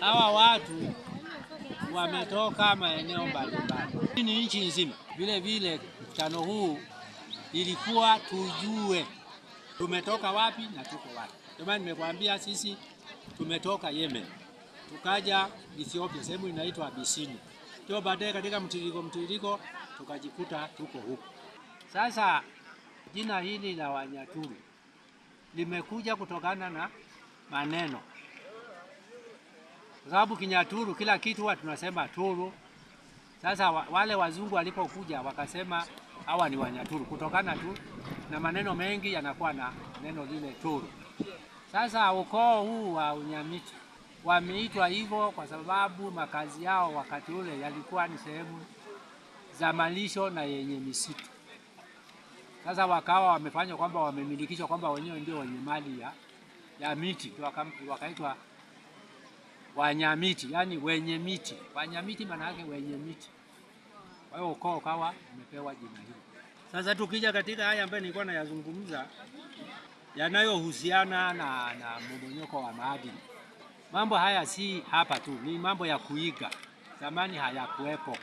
hawa watu wametoka maeneo mbalimbali, ni nchi nzima. Vile vile mkutano huu ilikuwa tujue tumetoka wapi na tuko wapi. Ndio maana nimekuambia sisi tumetoka Yemen, tukaja Ethiopia, sehemu inaitwa Abisini, ndio baadaye katika mtiririko mtiririko tukajikuta tuko huko. Sasa jina hili la Wanyaturu limekuja kutokana na maneno kwa sababu Kinyaturu kila kitu huwa tunasema Turu. Sasa wale wazungu walipokuja wakasema hawa ni Wanyaturu kutokana tu na maneno mengi yanakuwa na neno lile Turu. Sasa ukoo huu wa Unyamiti wameitwa hivyo kwa sababu makazi yao wakati ule yalikuwa ni sehemu za malisho na yenye misitu. Sasa wakawa wamefanya kwamba wamemilikishwa kwamba wenyewe ndio wenye mali ya, ya miti wakaitwa waka Wanyamiti, yani wenye miti. Wanyamiti maana yake wenye miti. Kwa hiyo ukoo ukawa umepewa jina hili. Sasa tukija katika haya ambayo nilikuwa nayazungumza yanayohusiana na, na mmomonyoko wa maadili. Mambo haya si hapa tu, ni mambo ya kuiga. Zamani hayakuwepo.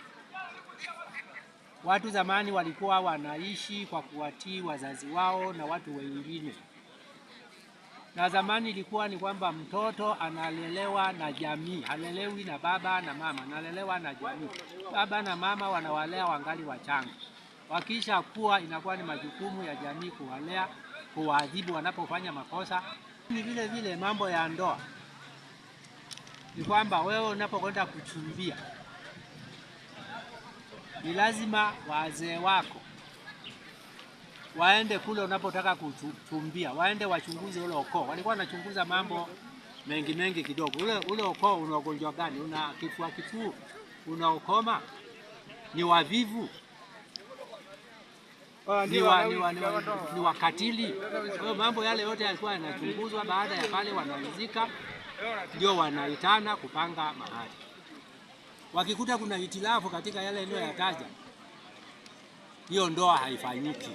Watu zamani walikuwa wanaishi kwa kuwatii wazazi wao na watu wengine na zamani ilikuwa ni kwamba mtoto analelewa na jamii, halelewi na baba na mama, analelewa na jamii. Baba na mama wanawalea wangali wachanga, wakisha kuwa inakuwa ni majukumu ya jamii kuwalea, kuwaadhibu wanapofanya makosa. Ni vile vile mambo ya ndoa ni kwamba wewe unapokwenda kuchumbia ni lazima wazee wako waende kule unapotaka kuchumbia, waende wachunguze ule ukoo. Walikuwa wanachunguza mambo mengi mengi kidogo. Ule, ule ukoo una ugonjwa gani? Una kifua kikuu? Una ukoma? Ni wavivu? Ah, ni, wa, ni, wa, ni, wa, ni wakatili? Kwa mambo yale yote yalikuwa yanachunguzwa. Baada ya pale, wanazika ndio wanaitana kupanga mahali. Wakikuta kuna hitilafu katika yale taja, hiyo ndoa haifanyiki.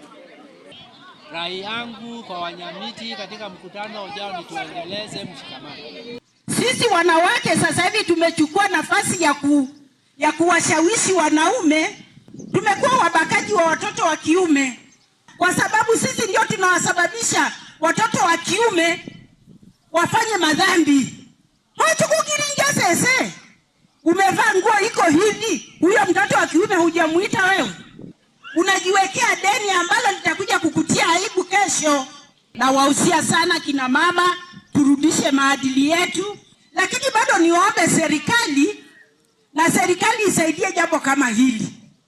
Rai yangu kwa Wanyamiti katika mkutano ujao ni tuendeleze mshikamano. Sisi wanawake sasa hivi tumechukua nafasi ya, ku, ya kuwashawishi wanaume. Tumekuwa wabakaji wa watoto wa kiume kwa sababu sisi ndio tunawasababisha watoto wa kiume wafanye madhambi. Hotukukiringa sese, umevaa nguo iko hivi kesho. Nawahusia sana kina mama, turudishe maadili yetu, lakini bado niombe serikali na serikali isaidie jambo kama hili.